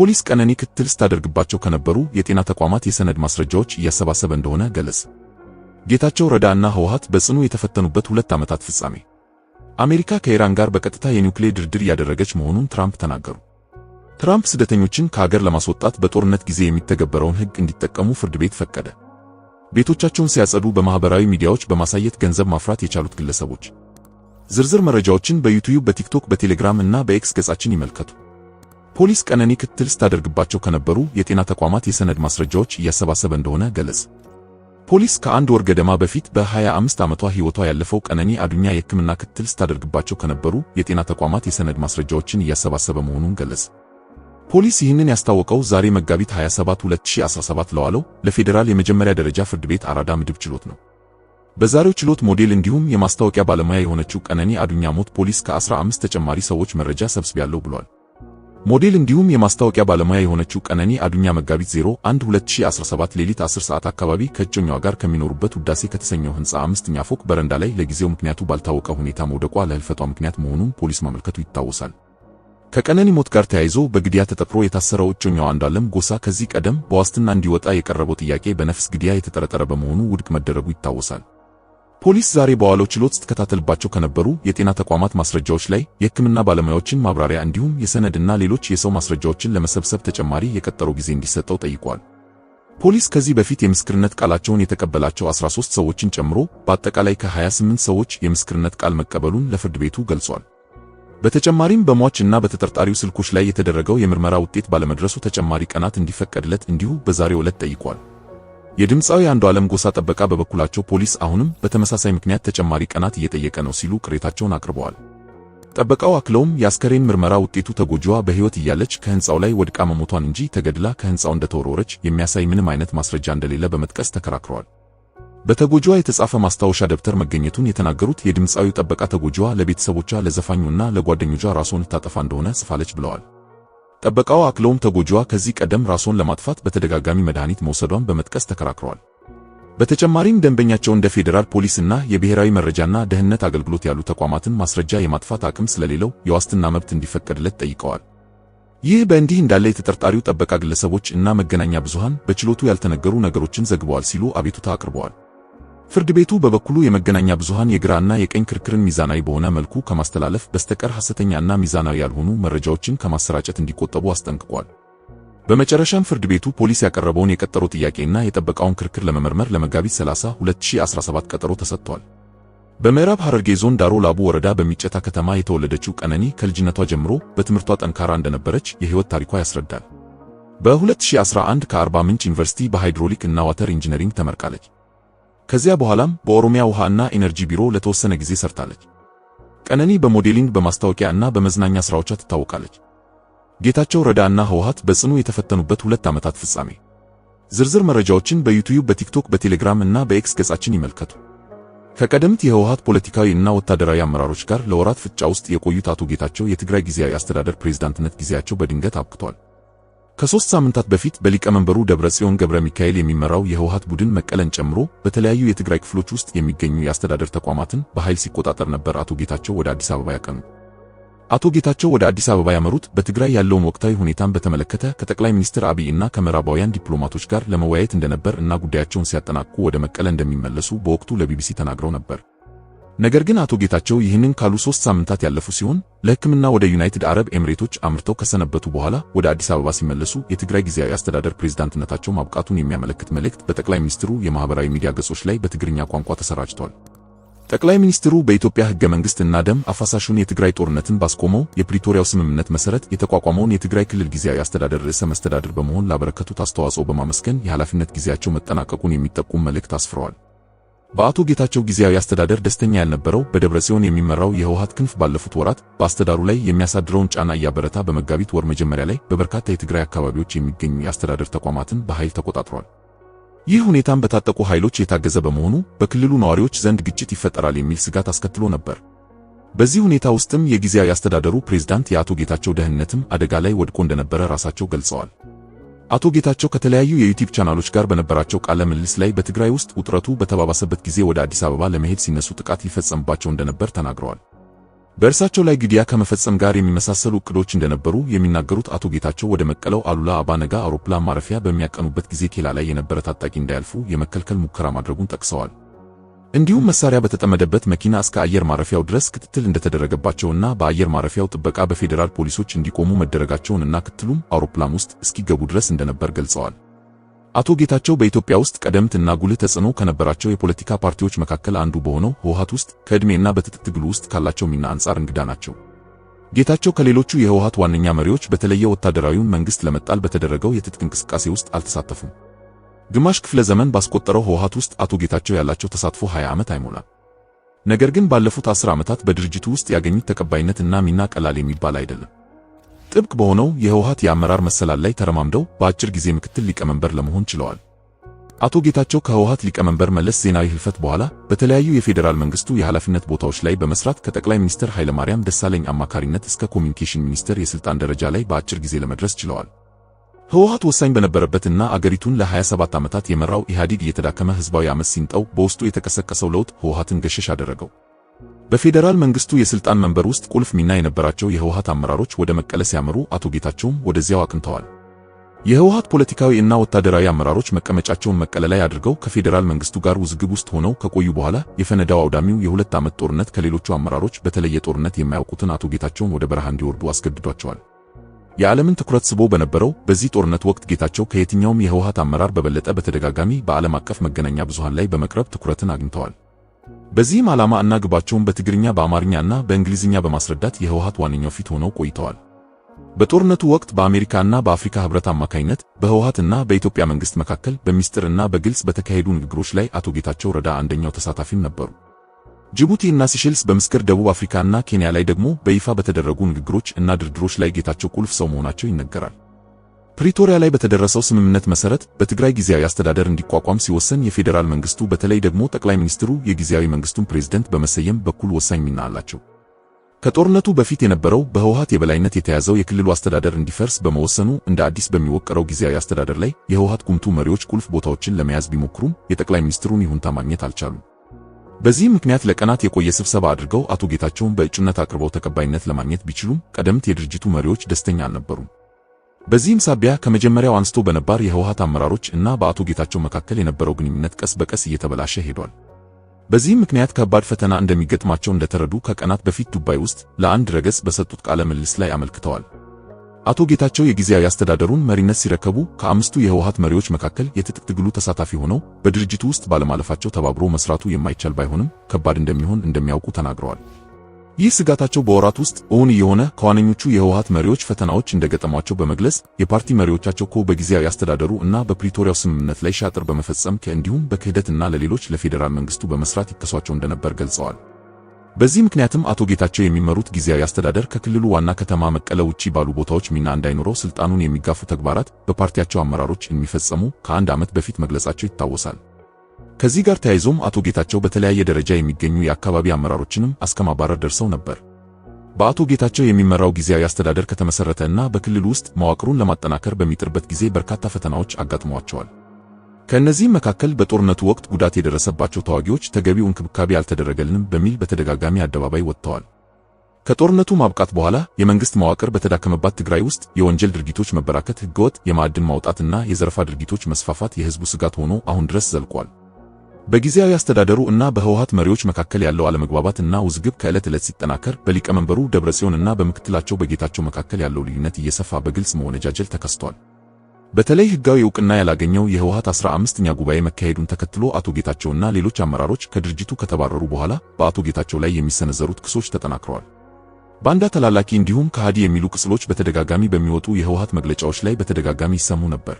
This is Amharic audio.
ፖሊስ ቀነኒ ክትትል ስታደርግባቸው ከነበሩ የጤና ተቋማት የሰነድ ማስረጃዎች እያሰባሰበ እንደሆነ ገለጸ። ጌታቸው ረዳ እና ህወሓት በጽኑ የተፈተኑበት ሁለት ዓመታት ፍጻሜ። አሜሪካ ከኢራን ጋር በቀጥታ የኒውክሌር ድርድር እያደረገች መሆኑን ትራምፕ ተናገሩ። ትራምፕ ስደተኞችን ከሀገር ለማስወጣት በጦርነት ጊዜ የሚተገበረውን ህግ እንዲጠቀሙ ፍርድ ቤት ፈቀደ። ቤቶቻቸውን ሲያጸዱ በማህበራዊ ሚዲያዎች በማሳየት ገንዘብ ማፍራት የቻሉት ግለሰቦች ዝርዝር መረጃዎችን በዩቲዩብ፣ በቲክቶክ፣ በቴሌግራም እና በኤክስ ገጻችን ይመልከቱ። ፖሊስ ቀነኒ ክትትል ስታደርግባቸው ከነበሩ የጤና ተቋማት የሰነድ ማስረጃዎች እያሰባሰበ እንደሆነ ገለጸ። ፖሊስ ከአንድ ወር ገደማ በፊት በ25 ዓመቷ ሕይወቷ ያለፈው ቀነኒ አዱኛ የሕክምና ክትትል ስታደርግባቸው ከነበሩ የጤና ተቋማት የሰነድ ማስረጃዎችን እያሰባሰበ መሆኑን ገለጸ። ፖሊስ ይህንን ያስታወቀው ዛሬ መጋቢት 27 2017 ለዋለው ለፌዴራል የመጀመሪያ ደረጃ ፍርድ ቤት አራዳ ምድብ ችሎት ነው። በዛሬው ችሎት ሞዴል እንዲሁም የማስታወቂያ ባለሙያ የሆነችው ቀነኒ አዱኛ ሞት ፖሊስ ከ15 ተጨማሪ ሰዎች መረጃ ሰብስቤያለሁ ብሏል። ሞዴል እንዲሁም የማስታወቂያ ባለሙያ የሆነችው ቀነኒ አዱኛ መጋቢት 01 2017 ሌሊት 10 ሰዓት አካባቢ ከእጮኛዋ ጋር ከሚኖሩበት ውዳሴ ከተሰኘው ህንፃ አምስተኛ ፎቅ በረንዳ ላይ ለጊዜው ምክንያቱ ባልታወቀ ሁኔታ መውደቋ ለህልፈቷ ምክንያት መሆኑን ፖሊስ ማመልከቱ ይታወሳል። ከቀነኒ ሞት ጋር ተያይዞ በግድያ ተጠርጥሮ የታሰረው እጮኛዋ አንዳለም ጎሳ ከዚህ ቀደም በዋስትና እንዲወጣ የቀረበው ጥያቄ በነፍስ ግድያ የተጠረጠረ በመሆኑ ውድቅ መደረጉ ይታወሳል። ፖሊስ ዛሬ በዋለው ችሎት ስትከታተልባቸው ከነበሩ የጤና ተቋማት ማስረጃዎች ላይ የሕክምና ባለሙያዎችን ማብራሪያ እንዲሁም የሰነድና ሌሎች የሰው ማስረጃዎችን ለመሰብሰብ ተጨማሪ የቀጠሮ ጊዜ እንዲሰጠው ጠይቋል። ፖሊስ ከዚህ በፊት የምስክርነት ቃላቸውን የተቀበላቸው 13 ሰዎችን ጨምሮ በአጠቃላይ ከ28 ሰዎች የምስክርነት ቃል መቀበሉን ለፍርድ ቤቱ ገልጿል። በተጨማሪም በሟች እና በተጠርጣሪው ስልኮች ላይ የተደረገው የምርመራ ውጤት ባለመድረሱ ተጨማሪ ቀናት እንዲፈቀድለት እንዲሁ በዛሬው ዕለት ጠይቋል። የድምፃዊ ዓለም ጎሳ ጠበቃ በበኩላቸው ፖሊስ አሁንም በተመሳሳይ ምክንያት ተጨማሪ ቀናት እየጠየቀ ነው ሲሉ ቅሬታቸውን አቅርበዋል። ጠበቃው አክለውም የአስከሬን ምርመራ ውጤቱ ተጎጂዋ በሕይወት እያለች ከህንፃው ላይ ወድቃ መሞቷን እንጂ ተገድላ ከህንፃው እንደተወረወረች የሚያሳይ ምንም አይነት ማስረጃ እንደሌለ በመጥቀስ ተከራክረዋል። በተጎጂዋ የተጻፈ ማስታወሻ ደብተር መገኘቱን የተናገሩት የድምፃዊው ጠበቃ ተጎጂዋ ለቤተሰቦቿ፣ ለዘፋኙና ለጓደኞቿ ራሷን ታጠፋ እንደሆነ ጽፋለች ብለዋል። ጠበቃው አክለውም ተጎጂዋ ከዚህ ቀደም ራሷን ለማጥፋት በተደጋጋሚ መድኃኒት መውሰዷን በመጥቀስ ተከራክረዋል። በተጨማሪም ደንበኛቸው እንደ ፌዴራል ፖሊስ እና የብሔራዊ መረጃና ደህንነት አገልግሎት ያሉ ተቋማትን ማስረጃ የማጥፋት አቅም ስለሌለው የዋስትና መብት እንዲፈቀድለት ጠይቀዋል። ይህ በእንዲህ እንዳለ የተጠርጣሪው ጠበቃ ግለሰቦች እና መገናኛ ብዙሃን በችሎቱ ያልተነገሩ ነገሮችን ዘግበዋል ሲሉ አቤቱታ አቅርበዋል። ፍርድ ቤቱ በበኩሉ የመገናኛ ብዙሃን የግራና የቀኝ ክርክርን ሚዛናዊ በሆነ መልኩ ከማስተላለፍ በስተቀር ሐሰተኛና ሚዛናዊ ያልሆኑ መረጃዎችን ከማሰራጨት እንዲቆጠቡ አስጠንቅቋል። በመጨረሻም ፍርድ ቤቱ ፖሊስ ያቀረበውን የቀጠሮ ጥያቄና የጠበቃውን ክርክር ለመመርመር ለመጋቢት 30 2017 ቀጠሮ ተሰጥቷል። በምዕራብ ሐረርጌ ዞን ዳሮ ላቡ ወረዳ በሚጨታ ከተማ የተወለደችው ቀነኒ ከልጅነቷ ጀምሮ በትምህርቷ ጠንካራ እንደነበረች የህይወት ታሪኳ ያስረዳል። በ2011 ከአርባ ምንጭ ዩኒቨርሲቲ በሃይድሮሊክ እና ዋተር ኢንጂነሪንግ ተመርቃለች። ከዚያ በኋላም በኦሮሚያ ውሃ እና ኢነርጂ ቢሮ ለተወሰነ ጊዜ ሰርታለች። ቀነኒ በሞዴሊንግ በማስታወቂያ እና በመዝናኛ ስራዎቿ ትታወቃለች። ጌታቸው ረዳ እና ህወሓት በጽኑ የተፈተኑበት ሁለት ዓመታት ፍጻሜ። ዝርዝር መረጃዎችን በዩቲዩብ፣ በቲክቶክ፣ በቴሌግራም እና በኤክስ ገጻችን ይመልከቱ። ከቀደምት የህወሓት ፖለቲካዊ እና ወታደራዊ አመራሮች ጋር ለወራት ፍጫ ውስጥ የቆዩት አቶ ጌታቸው የትግራይ ጊዜያዊ አስተዳደር ፕሬዝዳንትነት ጊዜያቸው በድንገት አብቅቷል። ከሶስት ሳምንታት በፊት በሊቀመንበሩ ደብረጽዮን ገብረ ሚካኤል የሚመራው የህወሓት ቡድን መቀለን ጨምሮ በተለያዩ የትግራይ ክፍሎች ውስጥ የሚገኙ የአስተዳደር ተቋማትን በኃይል ሲቆጣጠር ነበር። አቶ ጌታቸው ወደ አዲስ አበባ ያቀኑ። አቶ ጌታቸው ወደ አዲስ አበባ ያመሩት በትግራይ ያለውን ወቅታዊ ሁኔታን በተመለከተ ከጠቅላይ ሚኒስትር አብይ እና ከምዕራባውያን ዲፕሎማቶች ጋር ለመወያየት እንደነበር እና ጉዳያቸውን ሲያጠናቅቁ ወደ መቀለ እንደሚመለሱ በወቅቱ ለቢቢሲ ተናግረው ነበር። ነገር ግን አቶ ጌታቸው ይህንን ካሉ ሶስት ሳምንታት ያለፉ ሲሆን ለሕክምና ወደ ዩናይትድ አረብ ኤምሬቶች አምርተው ከሰነበቱ በኋላ ወደ አዲስ አበባ ሲመለሱ የትግራይ ጊዜያዊ አስተዳደር ፕሬዝዳንትነታቸው ማብቃቱን የሚያመለክት መልእክት በጠቅላይ ሚኒስትሩ የማህበራዊ ሚዲያ ገጾች ላይ በትግርኛ ቋንቋ ተሰራጭቷል። ጠቅላይ ሚኒስትሩ በኢትዮጵያ ሕገ መንግሥት እና ደም አፋሳሹን የትግራይ ጦርነትን ባስቆመው የፕሪቶሪያው ስምምነት መሰረት የተቋቋመውን የትግራይ ክልል ጊዜያዊ አስተዳደር ርዕሰ መስተዳድር በመሆን ላበረከቱት አስተዋጽኦ በማመስገን የኃላፊነት ጊዜያቸው መጠናቀቁን የሚጠቁም መልእክት አስፍረዋል። በአቶ ጌታቸው ጊዜያዊ አስተዳደር ደስተኛ ያልነበረው በደብረ ጽዮን የሚመራው የህወሓት ክንፍ ባለፉት ወራት በአስተዳሩ ላይ የሚያሳድረውን ጫና እያበረታ በመጋቢት ወር መጀመሪያ ላይ በበርካታ የትግራይ አካባቢዎች የሚገኙ የአስተዳደር ተቋማትን በኃይል ተቆጣጥሯል። ይህ ሁኔታም በታጠቁ ኃይሎች የታገዘ በመሆኑ በክልሉ ነዋሪዎች ዘንድ ግጭት ይፈጠራል የሚል ስጋት አስከትሎ ነበር። በዚህ ሁኔታ ውስጥም የጊዜያዊ አስተዳደሩ ፕሬዝዳንት የአቶ ጌታቸው ደህንነትም አደጋ ላይ ወድቆ እንደነበረ ራሳቸው ገልጸዋል። አቶ ጌታቸው ከተለያዩ የዩቲዩብ ቻናሎች ጋር በነበራቸው ቃለ ምልልስ ላይ በትግራይ ውስጥ ውጥረቱ በተባባሰበት ጊዜ ወደ አዲስ አበባ ለመሄድ ሲነሱ ጥቃት ሊፈጸምባቸው እንደነበር ተናግረዋል። በእርሳቸው ላይ ግድያ ከመፈጸም ጋር የሚመሳሰሉ እቅዶች እንደነበሩ የሚናገሩት አቶ ጌታቸው ወደ መቀለው አሉላ አባ ነጋ አውሮፕላን ማረፊያ በሚያቀኑበት ጊዜ ኬላ ላይ የነበረ ታጣቂ እንዳያልፉ የመከልከል ሙከራ ማድረጉን ጠቅሰዋል። እንዲሁም መሳሪያ በተጠመደበት መኪና እስከ አየር ማረፊያው ድረስ ክትትል እንደተደረገባቸውና በአየር ማረፊያው ጥበቃ በፌዴራል ፖሊሶች እንዲቆሙ መደረጋቸውን እና ክትሉም አውሮፕላን ውስጥ እስኪገቡ ድረስ እንደነበር ገልጸዋል። አቶ ጌታቸው በኢትዮጵያ ውስጥ ቀደምት እና ጉልህ ተጽዕኖ ከነበራቸው የፖለቲካ ፓርቲዎች መካከል አንዱ በሆነው ህወሓት ውስጥ ከዕድሜና በትጥቅ ትግሉ ውስጥ ካላቸው ሚና አንጻር እንግዳ ናቸው። ጌታቸው ከሌሎቹ የህወሓት ዋነኛ መሪዎች በተለየ ወታደራዊውን መንግስት ለመጣል በተደረገው የትጥቅ እንቅስቃሴ ውስጥ አልተሳተፉም። ግማሽ ክፍለ ዘመን ባስቆጠረው ህወሓት ውስጥ አቶ ጌታቸው ያላቸው ተሳትፎ 20 ዓመት አይሞላም። ነገር ግን ባለፉት 10 ዓመታት በድርጅቱ ውስጥ ያገኙት ተቀባይነት እና ሚና ቀላል የሚባል አይደለም። ጥብቅ በሆነው የህወሓት የአመራር መሰላል ላይ ተረማምደው በአጭር ጊዜ ምክትል ሊቀመንበር ለመሆን ችለዋል። አቶ ጌታቸው ከህወሓት ሊቀመንበር መለስ ዜናዊ ህልፈት በኋላ በተለያዩ የፌዴራል መንግስቱ የኃላፊነት ቦታዎች ላይ በመስራት ከጠቅላይ ሚኒስትር ኃይለማርያም ደሳለኝ አማካሪነት እስከ ኮሚኒኬሽን ሚኒስትር የስልጣን ደረጃ ላይ በአጭር ጊዜ ለመድረስ ችለዋል። ህወሓት ወሳኝ በነበረበትና አገሪቱን ለ27 ዓመታት የመራው ኢህአዴግ እየተዳከመ ህዝባዊ ዓመፅ ሲንጠው በውስጡ የተቀሰቀሰው ለውጥ ህወሓትን ገሸሽ አደረገው። በፌዴራል መንግስቱ የስልጣን መንበር ውስጥ ቁልፍ ሚና የነበራቸው የህወሓት አመራሮች ወደ መቀለ ሲያመሩ አቶ ጌታቸውም ወደዚያው አቅንተዋል። የህወሓት ፖለቲካዊ እና ወታደራዊ አመራሮች መቀመጫቸውን መቀለ ላይ አድርገው ከፌዴራል መንግስቱ ጋር ውዝግብ ውስጥ ሆነው ከቆዩ በኋላ የፈነዳው አውዳሚው የሁለት ዓመት ጦርነት ከሌሎቹ አመራሮች በተለየ ጦርነት የማያውቁትን አቶ ጌታቸውን ወደ በረሃ እንዲወርዱ አስገድዷቸዋል። የዓለምን ትኩረት ስቦ በነበረው በዚህ ጦርነት ወቅት ጌታቸው ከየትኛውም የህወሓት አመራር በበለጠ በተደጋጋሚ በዓለም አቀፍ መገናኛ ብዙሃን ላይ በመቅረብ ትኩረትን አግኝተዋል። በዚህም ዓላማ እና ግባቸውን በትግርኛ በአማርኛ እና በእንግሊዝኛ በማስረዳት የህወሓት ዋነኛው ፊት ሆነው ቆይተዋል። በጦርነቱ ወቅት በአሜሪካ እና በአፍሪካ ህብረት አማካኝነት በህወሓት እና በኢትዮጵያ መንግስት መካከል በሚስጥር እና በግልጽ በተካሄዱ ንግግሮች ላይ አቶ ጌታቸው ረዳ አንደኛው ተሳታፊም ነበሩ። ጅቡቲ እና ሲሼልስ በምስክር ደቡብ አፍሪካና ኬንያ ላይ ደግሞ በይፋ በተደረጉ ንግግሮች እና ድርድሮች ላይ ጌታቸው ቁልፍ ሰው መሆናቸው ይነገራል። ፕሪቶሪያ ላይ በተደረሰው ስምምነት መሰረት በትግራይ ጊዜያዊ አስተዳደር እንዲቋቋም ሲወሰን የፌዴራል መንግስቱ በተለይ ደግሞ ጠቅላይ ሚኒስትሩ የጊዜያዊ መንግስቱን ፕሬዝደንት በመሰየም በኩል ወሳኝ ሚና አላቸው። ከጦርነቱ በፊት የነበረው በህወሓት የበላይነት የተያዘው የክልሉ አስተዳደር እንዲፈርስ በመወሰኑ እንደ አዲስ በሚወቀረው ጊዜያዊ አስተዳደር ላይ የህወሓት ጉምቱ መሪዎች ቁልፍ ቦታዎችን ለመያዝ ቢሞክሩም የጠቅላይ ሚኒስትሩን ይሁንታ ማግኘት አልቻሉም። በዚህም ምክንያት ለቀናት የቆየ ስብሰባ አድርገው አቶ ጌታቸውን በእጩነት አቅርበው ተቀባይነት ለማግኘት ቢችሉም ቀደምት የድርጅቱ መሪዎች ደስተኛ አልነበሩም። በዚህም ሳቢያ ከመጀመሪያው አንስቶ በነባር የህወሓት አመራሮች እና በአቶ ጌታቸው መካከል የነበረው ግንኙነት ቀስ በቀስ እየተበላሸ ሄዷል። በዚህም ምክንያት ከባድ ፈተና እንደሚገጥማቸው እንደተረዱ ከቀናት በፊት ዱባይ ውስጥ ለአንድ ረገጽ በሰጡት ቃለ ምልልስ ላይ አመልክተዋል። አቶ ጌታቸው የጊዜያዊ አስተዳደሩን መሪነት ሲረከቡ ከአምስቱ የህወሓት መሪዎች መካከል የትጥቅ ትግሉ ተሳታፊ ሆነው በድርጅቱ ውስጥ ባለማለፋቸው ተባብሮ መስራቱ የማይቻል ባይሆንም ከባድ እንደሚሆን እንደሚያውቁ ተናግረዋል። ይህ ስጋታቸው በወራት ውስጥ እውን እየሆነ ከዋነኞቹ የህወሓት መሪዎች ፈተናዎች እንደገጠሟቸው በመግለጽ የፓርቲ መሪዎቻቸው እኮ በጊዜያዊ አስተዳደሩ እና በፕሪቶሪያው ስምምነት ላይ ሻጥር በመፈጸም ከእንዲሁም በክህደትና ለሌሎች ለፌዴራል መንግስቱ በመስራት ይከሷቸው እንደነበር ገልጸዋል። በዚህ ምክንያትም አቶ ጌታቸው የሚመሩት ጊዜያዊ አስተዳደር ከክልሉ ዋና ከተማ መቀለ ውጪ ባሉ ቦታዎች ሚና እንዳይኖረው ስልጣኑን የሚጋፉ ተግባራት በፓርቲያቸው አመራሮች የሚፈጸሙ ከአንድ ዓመት በፊት መግለጻቸው ይታወሳል። ከዚህ ጋር ተያይዞም አቶ ጌታቸው በተለያየ ደረጃ የሚገኙ የአካባቢ አመራሮችንም እስከማባረር ደርሰው ነበር። በአቶ ጌታቸው የሚመራው ጊዜያዊ አስተዳደር ከተመሰረተ እና በክልሉ ውስጥ መዋቅሩን ለማጠናከር በሚጥርበት ጊዜ በርካታ ፈተናዎች አጋጥመዋቸዋል። ከእነዚህም መካከል በጦርነቱ ወቅት ጉዳት የደረሰባቸው ተዋጊዎች ተገቢው እንክብካቤ አልተደረገልንም በሚል በተደጋጋሚ አደባባይ ወጥተዋል። ከጦርነቱ ማብቃት በኋላ የመንግስት መዋቅር በተዳከመባት ትግራይ ውስጥ የወንጀል ድርጊቶች መበራከት፣ ህገወጥ የማዕድን ማውጣትና የዘረፋ ድርጊቶች መስፋፋት የህዝቡ ስጋት ሆኖ አሁን ድረስ ዘልቋል። በጊዜያዊ አስተዳደሩ እና በህወሓት መሪዎች መካከል ያለው አለመግባባት እና ውዝግብ ከዕለት ዕለት ሲጠናከር፣ በሊቀመንበሩ ደብረጽዮን እና በምክትላቸው በጌታቸው መካከል ያለው ልዩነት እየሰፋ በግልጽ መወነጃጀል ተከስቷል። በተለይ ሕጋዊ ዕውቅና ያላገኘው የህወሓት አስራ አምስተኛ ጉባኤ መካሄዱን ተከትሎ አቶ ጌታቸውና ሌሎች አመራሮች ከድርጅቱ ከተባረሩ በኋላ በአቶ ጌታቸው ላይ የሚሰነዘሩት ክሶች ተጠናክረዋል። ባንዳ፣ ተላላኪ እንዲሁም ከሃዲ የሚሉ ቅጽሎች በተደጋጋሚ በሚወጡ የህወሓት መግለጫዎች ላይ በተደጋጋሚ ይሰሙ ነበር።